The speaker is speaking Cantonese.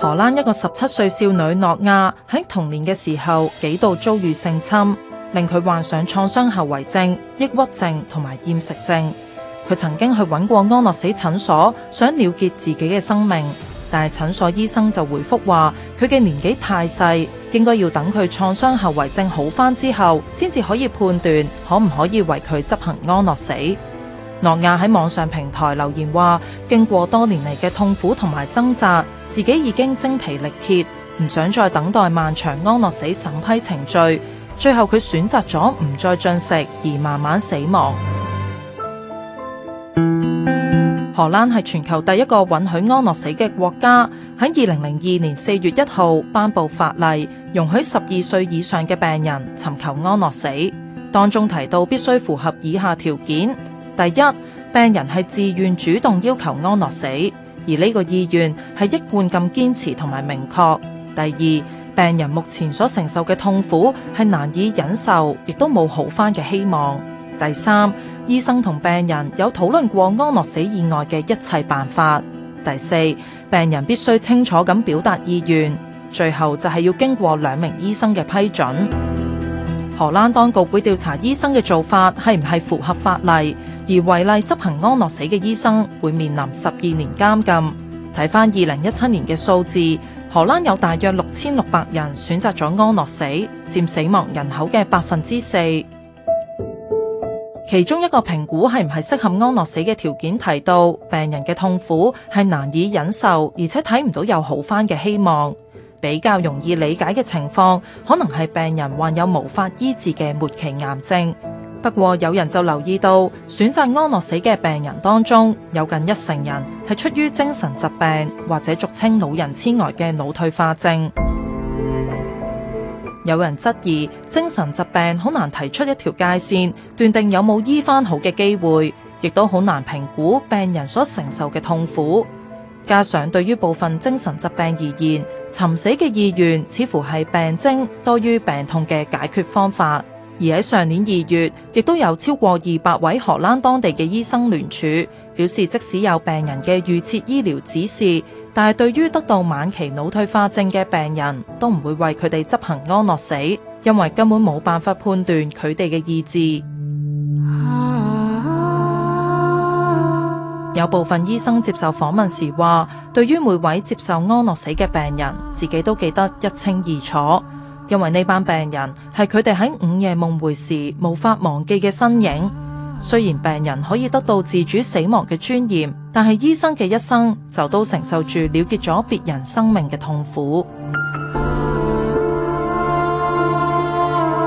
荷蘭一個十七歲少女諾亞喺童年嘅時候幾度遭遇性侵，令佢患上創傷後遺症、抑鬱症同埋厭食症。佢曾經去揾過安樂死診所，想了結自己嘅生命，但係診所醫生就回覆話佢嘅年紀太細，應該要等佢創傷後遺症好翻之後，先至可以判斷可唔可以為佢執行安樂死。諾亞喺網上平台留言話，經過多年嚟嘅痛苦同埋掙扎，自己已經精疲力竭，唔想再等待漫長安樂死審批程序。最後，佢選擇咗唔再進食，而慢慢死亡。 荷蘭係全球第一個允許安樂死嘅國家，喺二零零二年四月一號頒布法例，容許十二歲以上嘅病人尋求安樂死。當中提到必須符合以下條件。第一，病人係自願主動要求安樂死，而呢個意願係一貫咁堅持同埋明確。第二，病人目前所承受嘅痛苦係難以忍受，亦都冇好返嘅希望。第三，醫生同病人有討論過安樂死以外嘅一切辦法。第四，病人必須清楚咁表達意願。最後就係要經過兩名醫生嘅批准。荷蘭當局會調查醫生嘅做法係唔係符合法例。而違例執行安樂死嘅醫生會面臨十二年監禁。睇翻二零一七年嘅數字，荷蘭有大約六千六百人選擇咗安樂死，佔死亡人口嘅百分之四。其中一個評估係唔係適合安樂死嘅條件提到，病人嘅痛苦係難以忍受，而且睇唔到有好翻嘅希望。比較容易理解嘅情況，可能係病人患有無法醫治嘅末期癌症。不過有人就留意到，選擇安樂死嘅病人當中，有近一成人係出於精神疾病或者俗稱老人痴呆嘅腦退化症。 有人質疑，精神疾病好難提出一條界線，斷定有冇醫翻好嘅機會，亦都好難評估病人所承受嘅痛苦。加上對於部分精神疾病而言，尋死嘅意願似乎係病徵多於病痛嘅解決方法。而喺上年二月，亦都有超過二百位荷蘭當地嘅醫生聯署，表示即使有病人嘅預設醫療指示，但係對於得到晚期腦退化症嘅病人，都唔會為佢哋執行安樂死，因為根本冇辦法判斷佢哋嘅意志。 有部分醫生接受訪問時話，對於每位接受安樂死嘅病人，自己都記得一清二楚，因為呢班病人，係佢哋喺午夜夢回時無法忘記嘅身影。雖然病人可以得到自主死亡嘅尊嚴，但係醫生嘅一生就都承受住了結咗別人生命嘅痛苦。